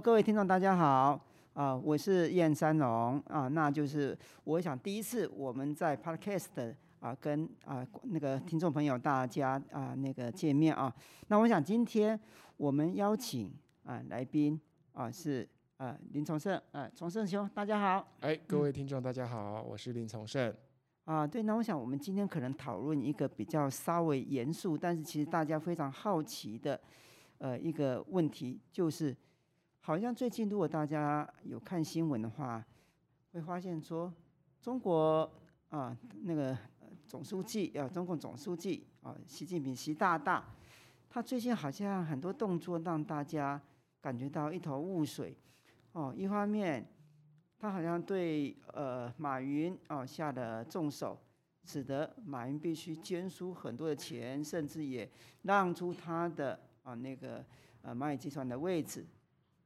各位聽眾，大家好啊、呃！我是燕三龍啊、呃，那就是我想第一次我們在 Podcast 啊、呃，跟啊、呃、那個聽眾朋友大家啊、呃、那個見面啊。那我想今天我們邀請啊、呃、來賓啊、呃、是啊、呃、林琮盛啊，琮盛兄，大家好！哎，各位聽眾，大家好，我是林琮盛啊。對，那我想我們今天可能討論一個比較稍微嚴肅，但是其實大家非常好奇的呃一個問題，就是。好像最近，如果大家有看新聞的話，會發現說，中國啊，那個總書記啊，中共總書記啊，習近平習大大，他最近好像很多動作讓大家感覺到一頭霧水。哦、啊，一方面，他好像對呃馬雲啊下了重手，使得馬雲必須捐出很多的錢，甚至也讓出他的啊那個呃螞蟻集團的位置。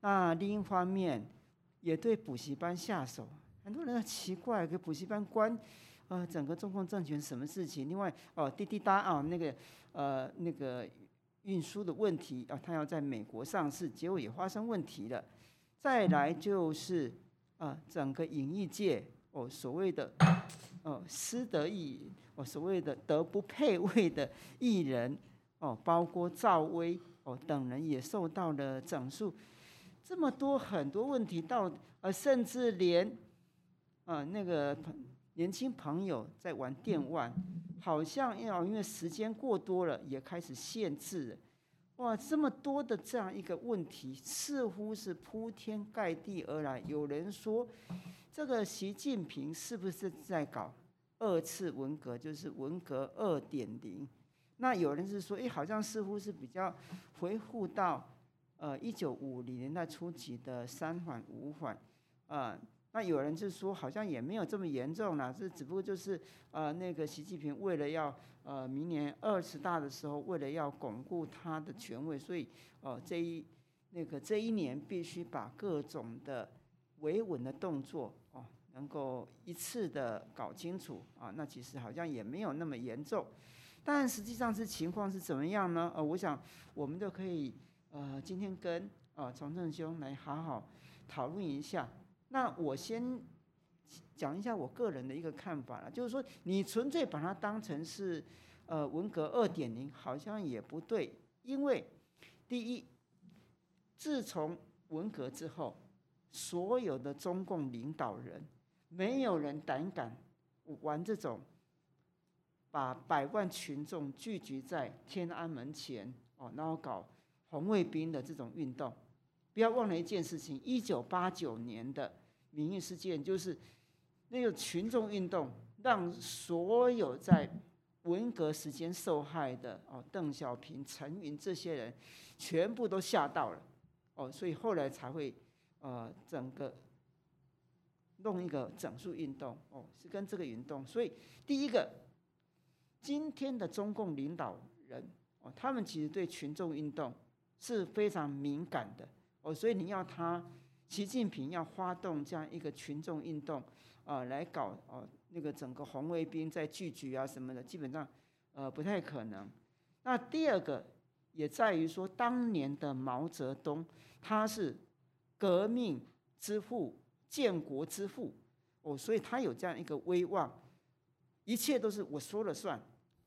那另一方面，也對補習班下手。很多人奇怪，給補習班關，呃，整個中共政權什麼事情？另外，哦滴滴打車啊、哦，那個呃那個運輸的問題啊，他、哦、要在美國上市，結果也發生問題了。再來就是啊、呃，整個演藝界哦，所謂的哦失德藝哦，所謂的德不配位的藝人哦，包括趙薇哦等人也受到了整肅。這麼多很多問題，到呃，甚至連，呃，那個朋年輕朋友在玩電玩，好像要因為時間過多了，也開始限制了。哇，這麼多的這樣一個問題，似乎是鋪天蓋地而來。有人說，這個習近平是不是在搞二次文革？就是文革二點零？那有人是說，哎，好像似乎是比較回復到。呃，一九五零年代初期的三反五反，啊、呃，那有人就說好像也沒有這麼嚴重了，這只不過就是呃，那個習近平為了要呃明年二十大的時候，為了要鞏固他的權位，所以呃這一那個這一年必須把各種的維穩的動作哦、呃，能夠一次的搞清楚啊、呃，那其實好像也沒有那麼嚴重，但實際上是情況是怎麼樣呢？呃，我想我們就可以。呃，今天跟呃琮盛兄來好好討論一下。那我先講一下我個人的一個看法啦，就是說，你純粹把它當成是呃文革二點零，好像也不對。因為第一，自從文革之後，所有的中共領導人沒有人膽敢玩這種把百萬群眾聚集在天安門前，哦，然後搞。紅衛兵的這種運動，不要忘了一件事情：一九八九年的民運事件，就是那個群眾運動，讓所有在文革時間受害的哦、鄧小平、陳雲這些人全部都嚇到了哦，所以後來才會呃，整個弄一個整肅運動哦，是跟這個運動。所以第一個，今天的中共領導人哦，他們其實對群眾運動是非常敏感的哦，所以你要他，習近平要發動這樣一個群眾運動，啊，來搞哦，那個整個紅衛兵在聚集啊什麼的，基本上呃不太可能。那第二個也在於說，當年的毛澤東他是革命之父、建國之父哦，所以他有這樣一個威望，一切都是我說了算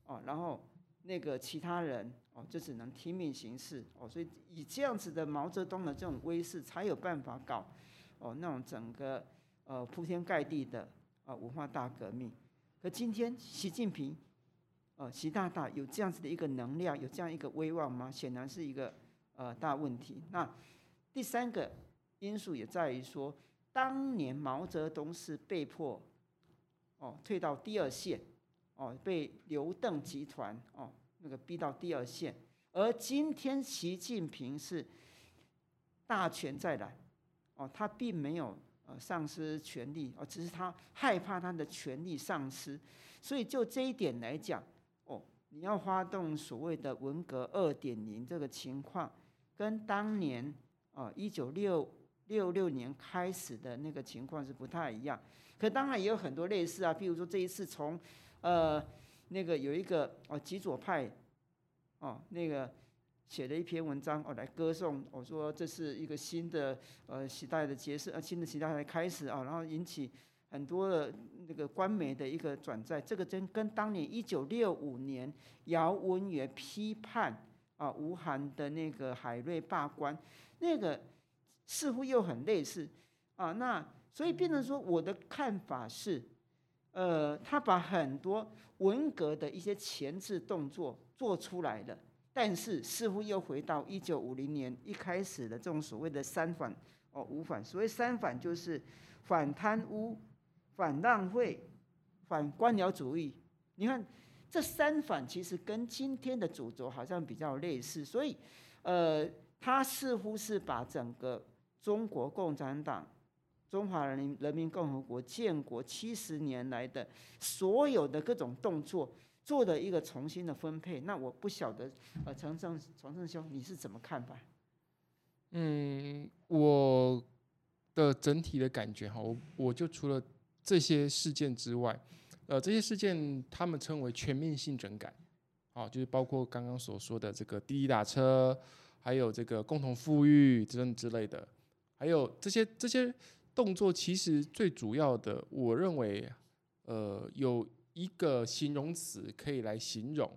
哦，然後那個其他人。哦，就只能聽命行事哦，所以以這樣子的毛澤東的這種威勢，才有辦法搞，哦，那種整個呃鋪天蓋地的啊文化大革命。可今天習近平，呃，習大大有這樣子的一個能量，有這樣一個威望嗎？顯然是一個呃大問題。那第三個因素也在於說，當年毛澤東是被迫，哦，退到第二線，哦，被劉鄧集團哦。那個逼到第二線，而今天習近平是大權在攬，哦，他並沒有呃喪失權力哦，只是他害怕他的權力喪失，所以就這一點來講，哦，你要發動所謂的文革二點零這個情況，跟當年哦一九六六六年開始的那個情況是不太一樣，可當然也有很多類似啊，譬如說這一次從，呃。那個有一個哦，極左派，哦，那個寫了一篇文章哦，來歌頌，我說這是一個新的呃時代的結束，呃新的時代的開始啊，然後引起很多的那個官媒的一個轉載，這個真跟當年一九六五年姚文元批判啊吳晗的那個海瑞罷官，那個似乎又很類似啊，那所以變成說我的看法是。呃，他把很多文革的一些前置動作做出來了，但是似乎又回到一九五零年一開始的這種所謂的三反哦五反。所謂三反就是反貪污、反浪費、反官僚主義。你看，這三反其實跟今天的主軸好像比較類似，所以，呃，他似乎是把整個中國共產黨。中華人民人民共和國建國七十年來的所有的各種動作做的一個重新的分配，那我不曉得，呃，琮盛琮盛兄你是怎麼看法？嗯，我的整體的感覺哈，我我就除了這些事件之外，呃，這些事件他們稱為全面性整改，啊、哦，就是包括剛剛所說的這個滴滴打車，還有這個共同富裕之之類的，還有這些這些。動作其實最主要的，我認為，呃，有一個形容詞可以來形容，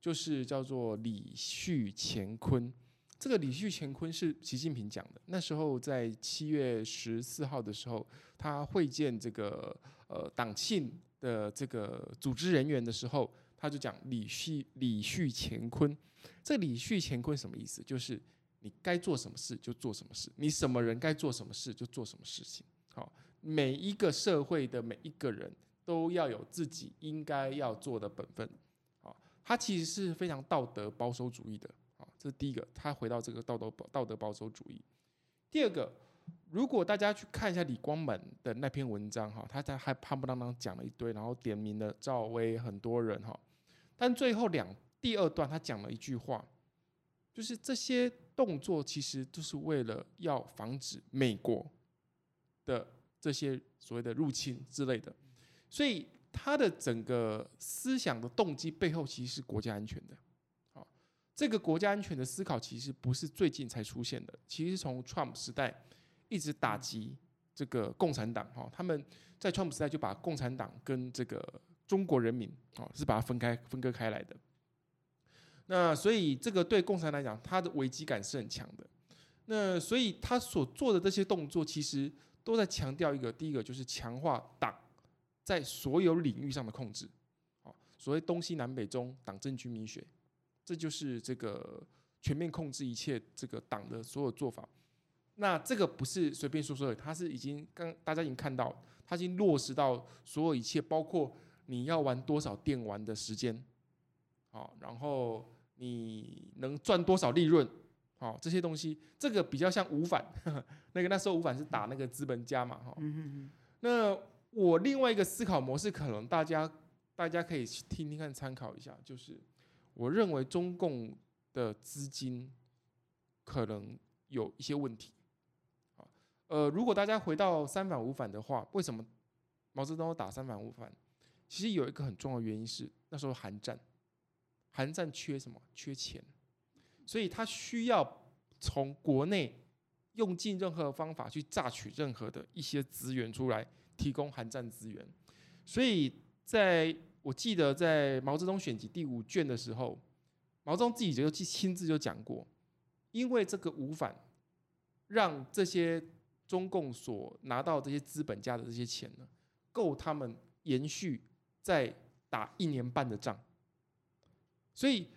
就是叫做“李旭乾坤”。這個“李旭乾坤”是習近平講的。那時候在七月十四號的時候，他會見這個呃黨慶的這個組織人員的時候，他就講“李旭、李旭乾坤”。這個“李旭乾坤”什麼意思？就是，你該做什麼事就做什麼事，你什麼人該做什麼事就做什麼事情。好，每一個社會的每一個人都要有自己應該要做的本分。好，他其實是非常道德保守主義的。啊，這是第一個。他回到這個道德道德保守主義。第二個，如果大家去看一下李光滿的那篇文章，哈，他在還啪啪當當講了一堆，然後點名了趙薇很多人，哈。但最後兩第二段他講了一句話，就是這些。動作其實就是為了要防止美國的這些所謂的入侵之類的，所以他的整個思想的動機背後其實是國家安全的。這個國家安全的思考其實不是最近才出現的，其實從 Trump 時代一直打擊這個共產黨哈，他們在 Trump 時代就把共產黨跟這個中國人民哦是把它分開分割開來的。那所以，這個對共產黨來講，他的危機感是很強的。那所以他所做的這些動作，其實都在強調一個：第一個就是強化黨在所有領域上的控制。好，所謂東西南北中，黨政軍民學，這就是這個全面控制一切這個黨的所有做法。那這個不是隨便說說的，他是已經剛大家已經看到，他已經落實到所有一切，包括你要玩多少電玩的時間，好，然後。你能賺多少利潤？好，這些東西，這個比較像五反。那個那時候五反是打那個資本家嘛，哈。那我另外一個思考模式，可能大家大家可以去聽聽看，參考一下。就是我認為中共的資金可能有一些問題。好，呃，如果大家回到三反五反的話，為什麼毛澤東打三反五反？其實有一個很重要的原因是那時候韓戰。韓戰缺什麼？缺錢，所以他需要從國內用盡任何方法去榨取任何的一些資源出來，提供韓戰資源。所以，在我記得在《毛澤東選集》第五卷的時候，毛澤東自己就親自就講過，因為這個五反讓這些中共所拿到這些資本家的這些錢呢，夠他們延續再打一年半的仗。所以，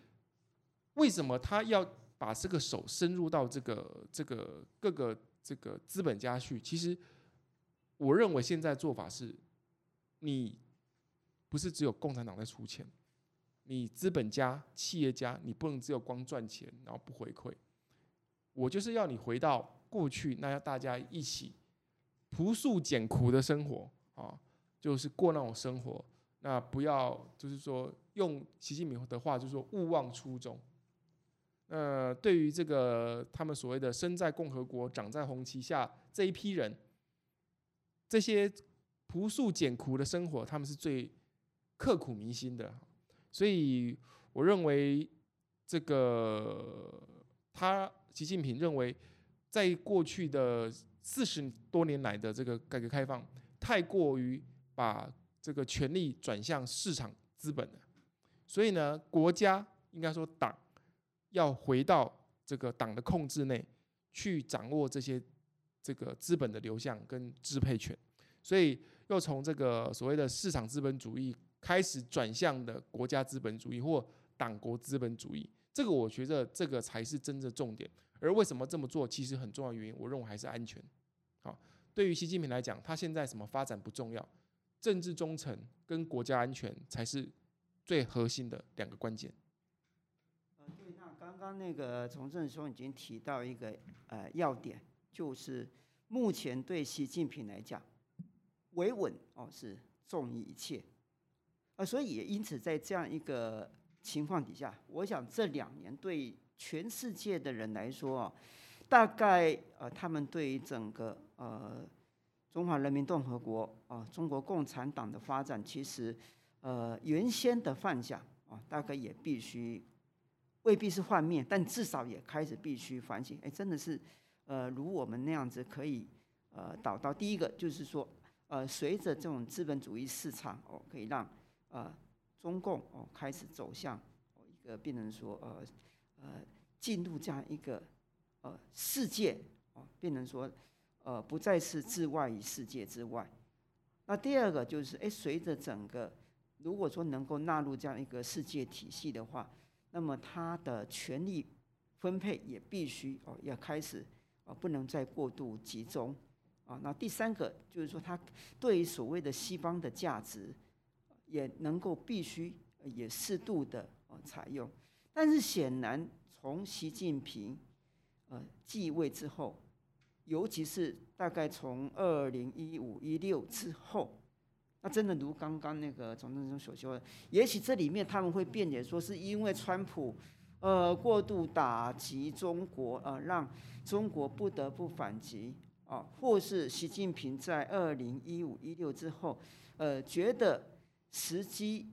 為什麼他要把這個手伸入到這個這個各個這個資本家去？其實，我認為現在做法是，你不是只有共產黨在出錢，你資本家、企業家，你不能只有光賺錢然後不回饋。我就是要你回到過去，那要大家一起樸素艱苦的生活啊，就是過那種生活。那不要，就是說用習近平的話，就是說勿忘初衷、呃。那對於這個他們所謂的“生在共和國，長在紅旗下”這一批人，這些樸素簡樸的生活，他們是最刻骨銘心的。所以我認為，這個他習近平認為，在過去的四十多年來的這個改革開放，太過於把。這個權力轉向市場資本，所以呢，國家應該說黨要回到這個黨的控制內去掌握這些這個資本的流向跟支配權，所以又從這個所謂的市場資本主義開始轉向的國家資本主義或黨國資本主義，這個我覺得這個才是真正的重點。而為什麼這麼做，其實很重要原因，我認為還是安全。好，對於習近平來講，他現在什麼發展不重要。政治忠誠跟國家安全才是最核心的兩個關鍵。呃，對，那剛剛那個琮盛兄已經提到一個呃要點，就是目前對習近平來講，維穩哦是重於一切。啊、呃，所以也因此在這樣一個情況底下，我想這兩年對全世界的人來說啊、哦，大概啊、呃、他們對於整個呃。中華人民共和國啊，中國共產黨的發展其實，呃，原先的幻想啊，大概也必須未必是幻滅，但至少也開始必須反省。哎，真的是，呃，如我們那樣子可以呃，導到第一個就是說，呃，隨着這種資本主義市場哦，可以讓呃中共哦、呃、開始走向一個，變成說呃呃進入這樣一個呃世界哦，變成說。呃，不再是自外於世界之外。那第二個就是，哎，隨着整個如果說能夠納入這樣一個世界體系的話，那麼他的權力分配也必須哦要開始哦不能再過度集中啊。那第三個就是說，他對於所謂的西方的價值也能夠必須也適度的哦採用。但是顯然，從習近平呃繼位之後。尤其是大概從二零一五一六之後，那真的如剛剛那個琮盛所說，也許這裡面他們會辯解說，是因為川普呃過度打擊中國，呃讓中國不得不反擊啊、呃，或是習近平在二零一五一六之後，呃覺得時機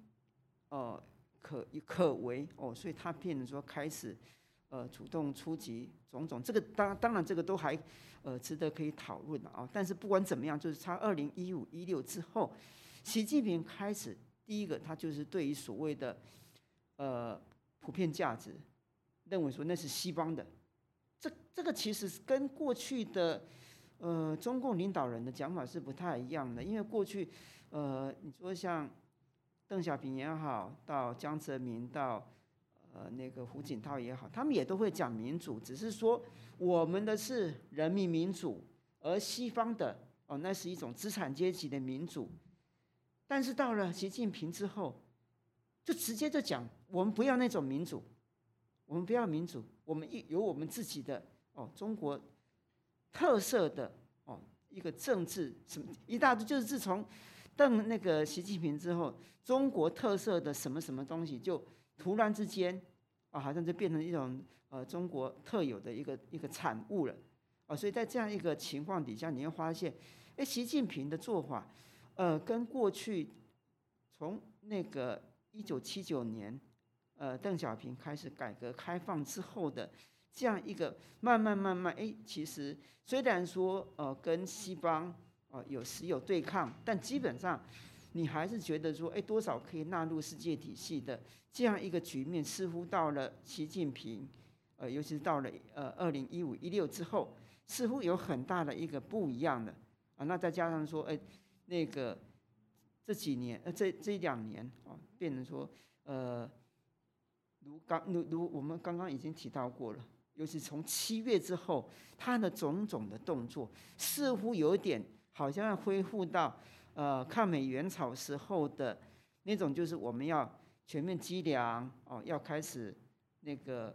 哦、呃、可可為哦，所以他變得說開始。呃，主動出擊，種種這個，當當然這個都還，呃，值得可以討論的啊。但是不管怎麼樣，就是他二零一五一六之後，習近平開始第一個，他就是對於所謂的，呃，普遍價值，認為說那是西方的，這這個其實是跟過去的，呃，中共領導人的講法是不太一樣的，因為過去，呃，你說像鄧小平也好，到江澤民到。呃，那個胡錦濤也好，他們也都會講民主，只是說我們的是人民民主，而西方的哦，那是一種資產階級的民主。但是到了習近平之後，就直接就講，我們不要那種民主，我們不要民主，我們一有我們自己的哦，中國特色的哦一個政治什麼，一大堆，就是自從鄧那個習近平之後，中國特色的什麼什麼東西就。突然之間，啊，好像就變成一種呃中國特有的一個一個產物了，啊，所以在這樣一個情況底下，你會發現，哎，習近平的做法，呃，跟過去從那個一九七九年，呃，鄧小平開始改革開放之後的這樣一個慢慢慢慢，哎，其實雖然說呃跟西方啊有時有對抗，但基本上。你還是覺得說，哎，多少可以納入世界體系的這樣一個局面，似乎到了習近平，呃，尤其是到了呃二零一五一六之後，似乎有很大的一個不一樣的啊。那再加上說，哎，那個這幾年，呃，這這一兩年啊，變成說，呃，如剛如如我們剛剛已經提到過了，尤其從七月之後，他的種種的動作，似乎有點好像要恢復到。呃，抗美援朝時候的那種，就是我們要全面積糧哦，要開始那個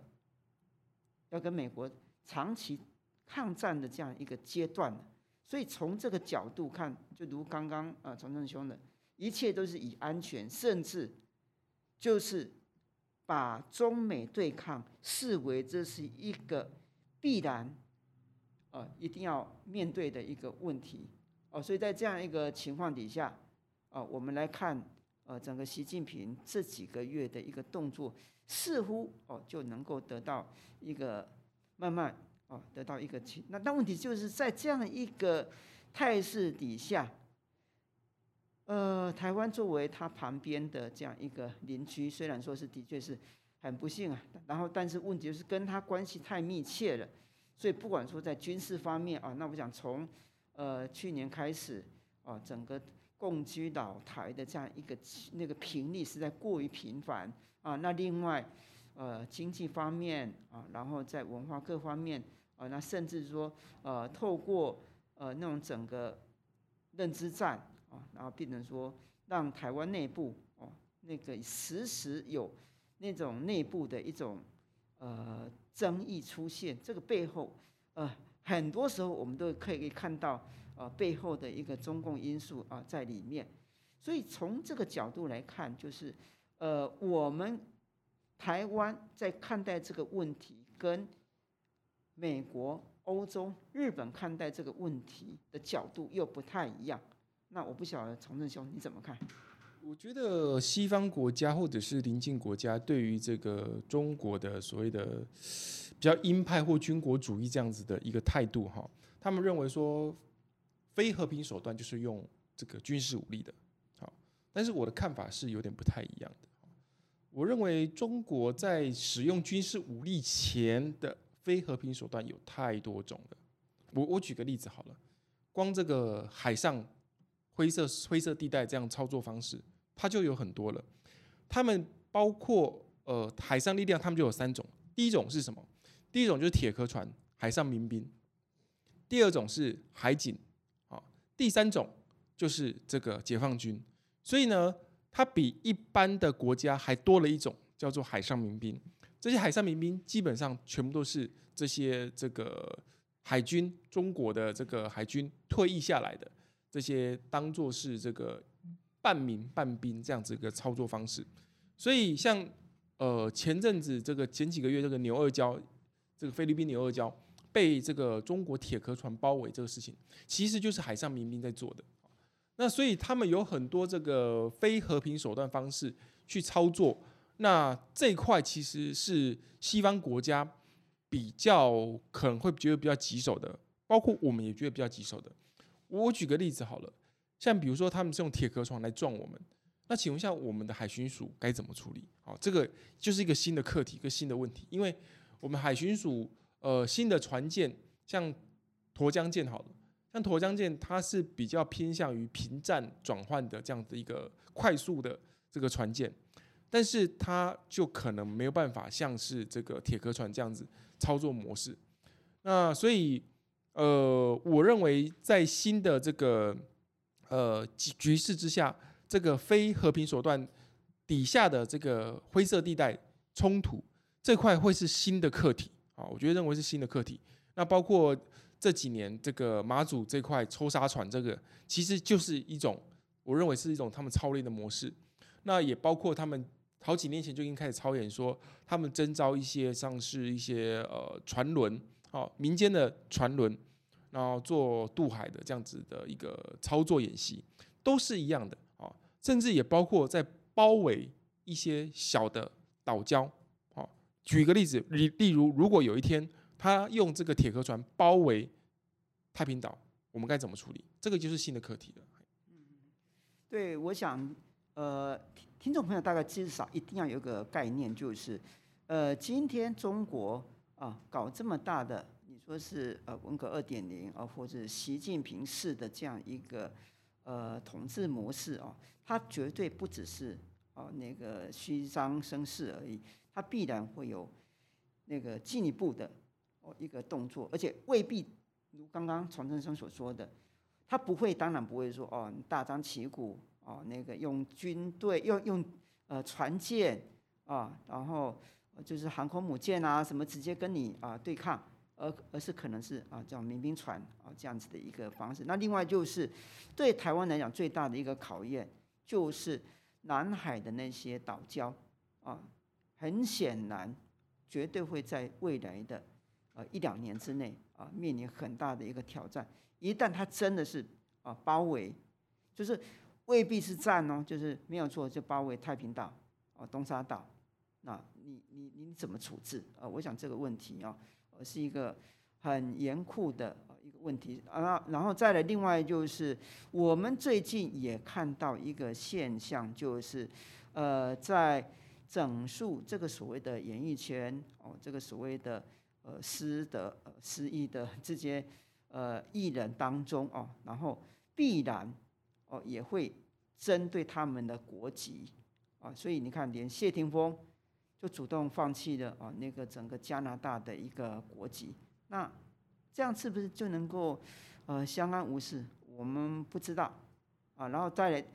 要跟美國長期抗戰的這樣一個階段。所以從這個角度看，就如剛剛呃琮盛兄的，一切都是以安全，甚至就是把中美對抗視為這是一個必然，呃，一定要面對的一個問題。哦，所以在這樣一個情況底下，哦，我們來看，呃，整個習近平這幾個月的一個動作，似乎哦就能夠得到一個慢慢哦得到一個。那問題就是在這樣的一個態勢底下，呃，台灣作為他旁邊的這樣一個鄰居，雖然說是的確是很不幸啊，然後但是問題就是跟他關係太密切了，所以不管說在軍事方面啊，那我想從。呃，去年開始，呃、哦，整個共機擾台的這樣一個那個頻率實在過於頻繁啊、哦。那另外，呃，經濟方面啊、哦，然後在文化各方面啊、哦，那甚至說，呃，透過呃那種整個認知戰啊、哦，然後變成說，讓台灣內部哦那個時時有那種內部的一種呃爭議出現，這個背後，呃。很多時候我們都可以看到，呃，背後的一個中共因素啊、呃、在裡面。所以從這個角度來看，就是，呃，我們台灣在看待這個問題，跟美國、歐洲、日本看待這個問題的角度又不太一樣。那我不曉得琮盛兄你怎麼看？我覺得西方國家或者是鄰近國家對於這個中國的所謂的。比較鷹派或軍國主義這樣子的一個態度，哈，他們認為說非和平手段就是用這個軍事武力的，好，但是我的看法是有點不太一樣的。我認為中國在使用軍事武力前的非和平手段有太多種了。我我舉個例子好了，光這個海上灰色灰色地帶這樣操作方式，它就有很多了。他們包括呃海上力量，他們就有三種。第一種是什麼？第一種就是鐵殼船，海上民兵；第二種是海警，啊；第三種就是這個解放軍。所以呢，它比一般的國家還多了一種，叫做海上民兵。這些海上民兵基本上全部都是這些這個海軍中國的這個海軍退役下來的，這些當做是這個半民半兵這樣子一個操作方式。所以，像呃前陣子這個前幾個月這個牛軛礁。這個菲律賓牛軛礁被這個中國鐵殼船包圍，這個事情其實就是海上民兵在做的。那所以他們有很多這個非和平手段方式去操作。那這一塊其實是西方國家比較可能會覺得比較棘手的，包括我們也覺得比較棘手的。我舉個例子好了，像比如說他們是用鐵殼船來撞我們，那請問一下我們的海巡署該怎麼處理？好，這個就是一個新的課題，一個新的問題，因為。我們海巡署呃新的船艦，像沱江艦好了，像沱江艦它是比較偏向於平戰轉換的這樣子一個快速的這個船艦，但是它就可能沒有辦法像是這個鐵殼船這樣子操作模式。那所以呃我認為在新的這個呃局局勢之下，這個非和平手段底下的這個灰色地帶衝突。這塊會是新的課題啊，我覺得認為是新的課題。那包括這幾年這個馬祖這塊抽沙船，這個其實就是一種，我認為是一種他們操練的模式。那也包括他們好幾年前就已經開始操演，說他們徵召一些像是一些呃船輪，民間的船輪，然後做渡海的這樣子的一個操作演習，都是一樣的啊。甚至也包括在包圍一些小的島礁。舉個例子，例例如，如果有一天他用這個鐵殼船包圍太平島，我們該怎麼處理？這個就是新的課題了。嗯，對，我想，呃，聽眾朋友大概至少一定要有個概念，就是，呃，今天中國啊、呃、搞這麼大的，你說是呃文革二點零啊，或者習近平式的這樣一個呃統治模式啊，它絕對不只是啊、呃，那個虛張聲勢而已。他必然會有那個進一步的哦一個動作，而且未必如剛剛琮盛所說的，他不會，當然不會說哦大張旗鼓哦那個用軍隊用用呃船艦啊，然後就是航空母艦啊什麼直接跟你啊對抗，而而是可能是啊叫民兵船啊這樣子的一個方式。那另外就是對台灣來講最大的一個考驗，就是南海的那些島礁啊。很顯然，絕對會在未來的呃一兩年之內啊，面臨很大的一個挑戰。一旦他真的是啊包圍，就是未必是戰哦，就是沒有錯，就包圍太平島、東沙島，那你你你怎麼處置啊？我想這個問題啊喔，是一個很嚴酷的啊一個問題。啊，然後再來，另外就是我們最近也看到一個現象，就是呃在。整肅這個所謂的演藝圈哦，這個所謂的呃失德呃失意的這些呃藝人當中哦，然後必然哦也會針對他們的國籍啊，所以你看連謝霆鋒就主動放棄了哦那個整個加拿大的一個國籍，那這樣是不是就能夠呃相安無事？我們不知道啊，然後再來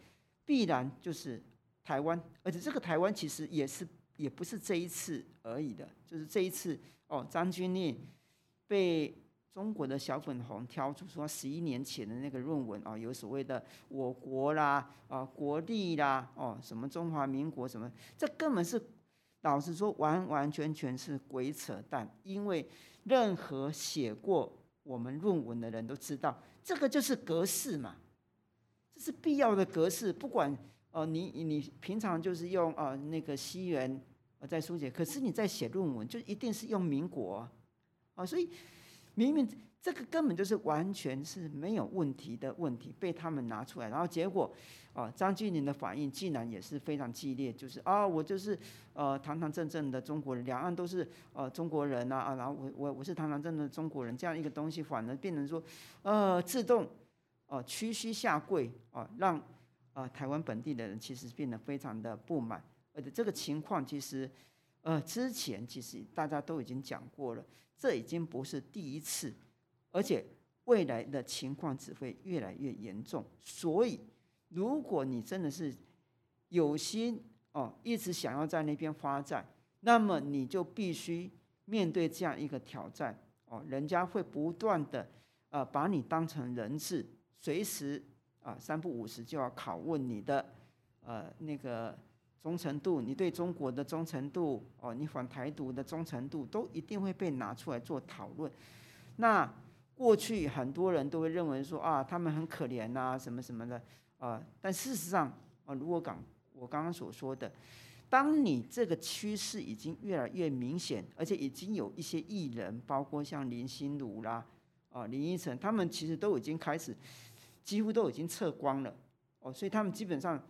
必然就是。台灣，而且這個台灣其實也是也不是這一次而已的，就是這一次哦，張鈞甯被中國的小粉紅挑出說，十一年前的那個論文啊、哦，有所謂的我國啦啊、哦、國立啦哦什麼中華民國什麼，這根本是老實說完完全全是鬼扯淡，因為任何寫過我們論文的人都知道，這個就是格式嘛，這是必要的格式，不管。哦，你你平常就是用啊那個西元在書寫，可是你在寫論文就一定是用民國啊，所以明明這個根本就是完全是沒有問題的問題，被他們拿出來，然後結果哦，張鈞甯的反應竟然也是非常激烈，就是啊，我就是呃堂堂正正的中國人，兩岸都是呃中國人啊，然後我我我是堂堂正正的中國人這樣一個東西，反而變成說呃自動哦屈膝下跪哦、啊、讓。啊、呃，台灣本地的人其實變得非常的不滿，而且這個情況其實，呃，之前其實大家都已經講過了，這已經不是第一次，而且未來的情況只會越來越嚴重。所以，如果你真的是有心哦，一直想要在那邊發展，那麼你就必須面對這樣一個挑戰哦，人家會不斷的呃把你當成人質，隨時。啊，三不五時就要拷問你的，呃，那個忠誠度，你對中國的忠誠度，哦、呃，你反台獨的忠誠度，都一定會被拿出來做討論。那過去很多人都會認為說啊，他們很可憐吶、啊，什麼什麼的，啊、呃。但事實上，啊、呃，如果講我剛剛所說的，當你這個趨勢已經越來越明顯，而且已經有一些藝人，包括像林心如啦，哦、呃，林依晨，他們其實都已經開始。幾乎都已經撤光了，哦，所以他們基本上，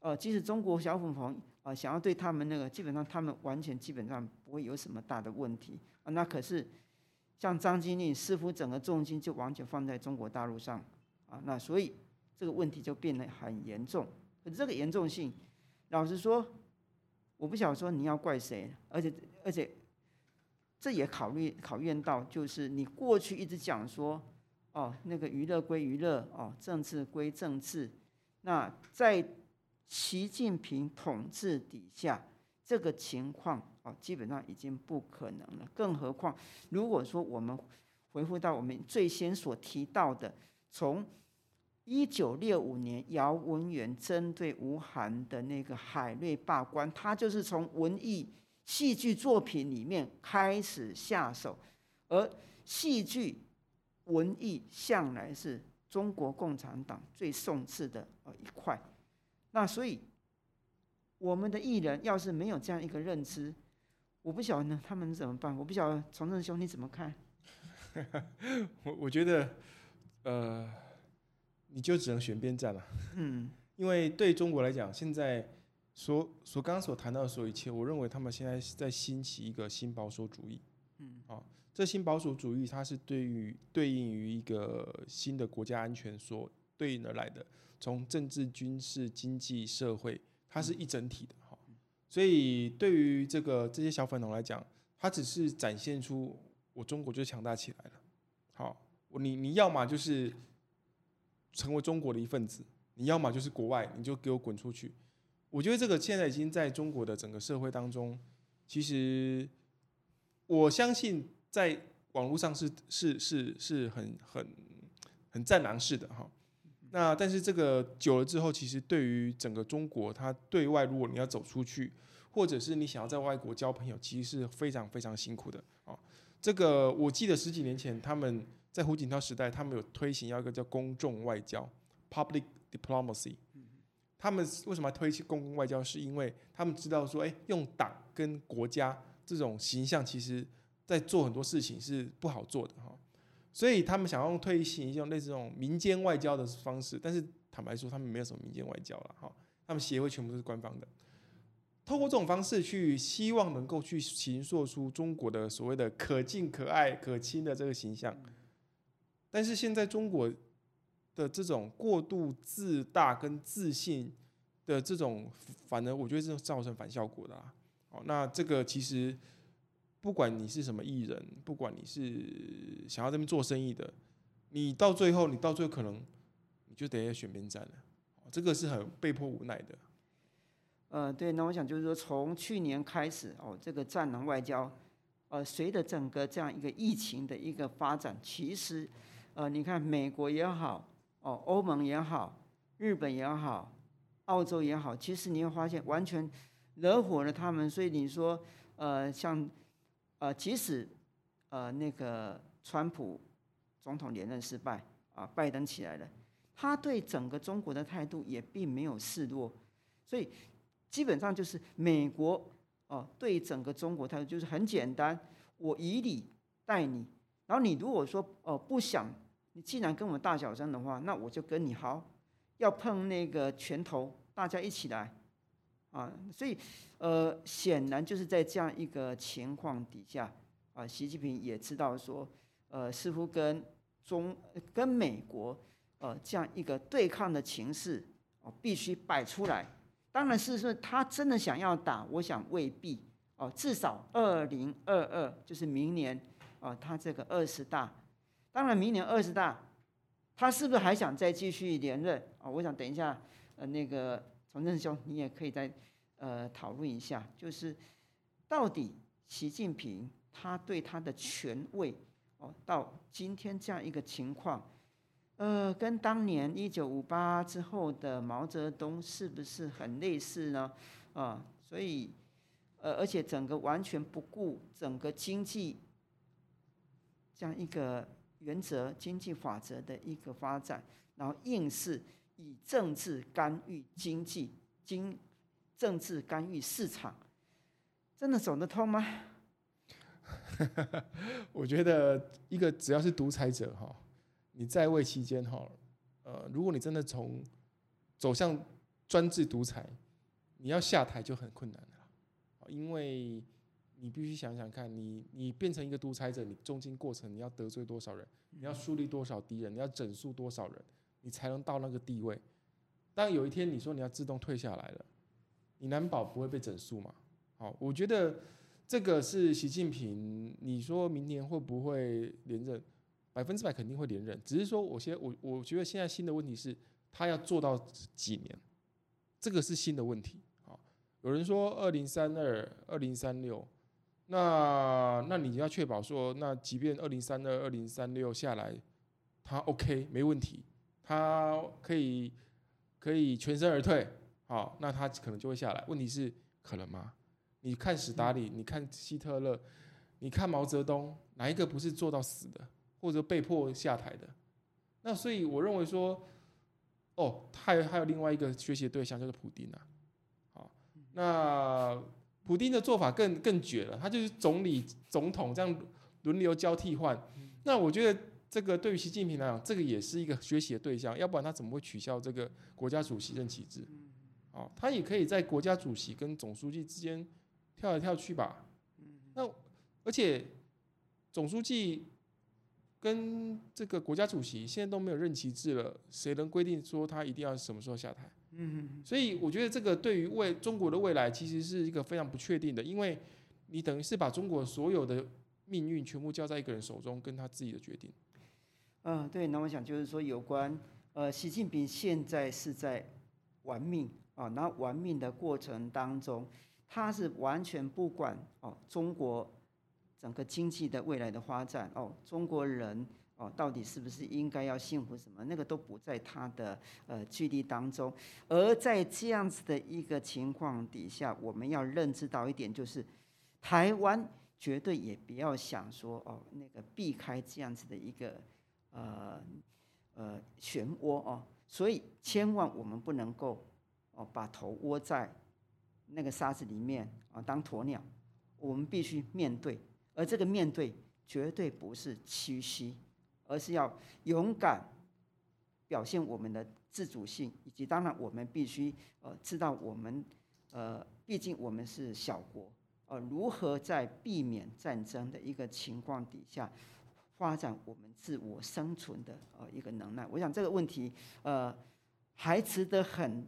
呃，即使中國小粉紅啊想要對他們那個，基本上他們完全基本上不會有什麼大的問題啊。那可是，像張鈞甯似乎整個重心就完全放在中國大陸上啊。那所以這個問題就變得很嚴重。可是這個嚴重性，老實說，我不想說你要怪誰，而且而且，這也考慮考驗到就是你過去一直講說。哦，那個娛樂歸娛樂，哦，政治歸政治。那在習近平統治底下，這個情況哦，基本上已經不可能了。更何況，如果說我們回復到我們最先所提到的，從一九六五年姚文元針對吳晗的那個海瑞罷官，他就是從文藝戲劇作品裡面開始下手，而戲劇。文藝向來是中國共產黨最諷刺的呃一塊，那所以我們的藝人要是沒有這樣一個認知，我不曉得呢他們怎麼辦。我不曉得琮盛兄你怎麼看 我我覺得，呃，你就只能選邊站了。嗯，因為對中國來講，現在所所剛所談到的所有一切，我認為他們現在在興起一個新保守主義。嗯，好，這新保守主義它是對於對應於一個新的國家安全所對應而來的，從政治、軍事、經濟、社會，它是一整體的。好，所以對於這個這些小粉紅來講，它只是展現出我中國就強大起來了。好，你你要麼就是成為中國的一份子，你要麼就是國外，你就給我滾出去。我覺得這個現在已經在中國的整個社會當中，其實。我相信在網絡上是是是是很很很戰狼式的哈，那但是這個久了之後，其實對於整個中國，它對外如果你要走出去，或者是你想要在外國交朋友，其實是非常非常辛苦的啊。這個我記得十幾年前他們在胡錦濤時代，他們有推行要一個叫公眾外交 （public diplomacy）。他們為什麼推行公共外交？是因為他們知道說，哎、欸，用黨跟國家。這種形象其實，在做很多事情是不好做的哈，所以他們想要推行一種類似這種民間外交的方式，但是坦白說，他們沒有什麼民間外交了哈，他們協會全部都是官方的，透過這種方式去希望能夠去形塑出中國的所謂的可敬、可愛、可親的這個形象，但是現在中國的這種過度自大跟自信的這種，反而我覺得這種造成反效果的，啊。那這個其實，不管你是什麼藝人，不管你是想要這邊做生意的，你到最後，你到最後可能你就得選邊站了，這個是很被迫無奈的。呃，對，那我想就是說，從去年開始哦，這個戰狼外交，呃，隨着整個這樣一個疫情的一個發展，其實呃，你看美國也好，哦，歐盟也好，日本也好，澳洲也好，其實你會發現完全。惹火了他們，所以你說，呃，像，呃，即使，呃，那個川普總統連任失敗，啊，拜登起來了，他對整個中國的態度也並沒有示弱，所以基本上就是美國哦、呃、對整個中國態度就是很簡單，我以禮待你，然後你如果說哦、呃、不想，你既然跟我們大小聲的話，那我就跟你好，要碰那個拳頭，大家一起來。啊，所以，呃，顯然就是在這樣一個情況底下，啊、呃，習近平也知道說，呃，似乎跟中跟美國，呃，這樣一個對抗的形勢，哦、呃，必須擺出來。當然是說他真的想要打，我想未必，哦、呃，至少二零二二就是明年，哦、呃，他這個二十大，當然明年二十大，他是不是還想再繼續連任？啊、呃，我想等一下，呃，那個。琮盛兄，你也可以再，呃，討論一下，就是到底習近平他對他的權位哦，到今天這樣一個情況，呃，跟當年一九五八之後的毛澤東是不是很類似呢？啊、哦，所以，呃，而且整個完全不顧整個經濟這樣一個原則、經濟法則的一個發展，然後硬是。以政治干預經濟，經政治干預市場，真的走得通嗎？ 我覺得一個只要是獨裁者哈，你在位期間哈，呃，如果你真的從走向專制獨裁，你要下台就很困難了，因為你必須想想看，你你變成一個獨裁者，你中間過程你要得罪多少人，你要樹立多少敵人，你要整肅多少人。你才能到那個地位。當有一天你說你要自動退下來了，你難保不會被整肅嘛？好，我覺得這個是習近平。你說明年會不會連任100？百分之百肯定會連任。只是說，我現我我覺得現在新的問題是，他要做到幾年？這個是新的問題。有人說二零三二、二零三六，那那你要確保說，那即便二零三二、二零三六下來，他 OK 沒問題。他可以可以全身而退，好，那他可能就會下來。問題是可能嗎？你看史達林，嗯，你看希特勒，你看毛澤東，哪一個不是做到死的，或者被迫下台的？那所以我認為說，哦，還有還有另外一個學習對象就是普丁。啊。好，那普丁的做法更更絕了，他就是總理、總統這樣輪流交替換。那我覺得。這個對於習近平來講，這個也是一個學習的對象，要不然他怎麼會取消這個國家主席任期制？哦，他也可以在國家主席跟總書記之間跳來跳去吧。那而且總書記跟這個國家主席現在都沒有任期制了，誰能規定說他一定要什麼時候下台？嗯，所以我覺得這個對於未中國的未來其實是一個非常不確定的，因為你等於是把中國所有的命運全部交在一個人手中，跟他自己的決定。嗯，對，那我想就是說，有關呃，習近平現在是在玩命啊，那、哦、玩命的過程當中，他是完全不管哦，中國整個經濟的未來的發展哦，中國人哦，到底是不是應該要幸福什麼，那個都不在他的呃距離當中。而在這樣子的一個情況底下，我們要認知到一點，就是台灣絕對也不要想說哦，那個避開這樣子的一個。呃呃，漩渦哦，所以千萬我們不能夠哦把頭窩在那個沙子裡面啊，當鴕鳥。我們必須面對，而這個面對絕對不是屈膝，而是要勇敢表現我們的自主性，以及當然我們必須呃知道我們呃，畢竟我們是小國，呃，如何在避免戰爭的一個情況底下。發展我們自我生存的呃一個能耐，我想這個問題呃還值得很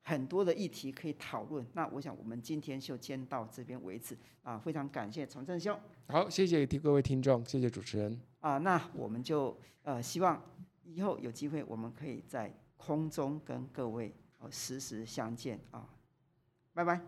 很多的議題可以討論。那我想我們今天就先到這邊為止啊，非常感謝琮盛兄。好，謝謝各位聽眾，謝謝主持人啊。那我們就呃希望以後有機會我們可以在空中跟各位啊實時相見啊，拜拜。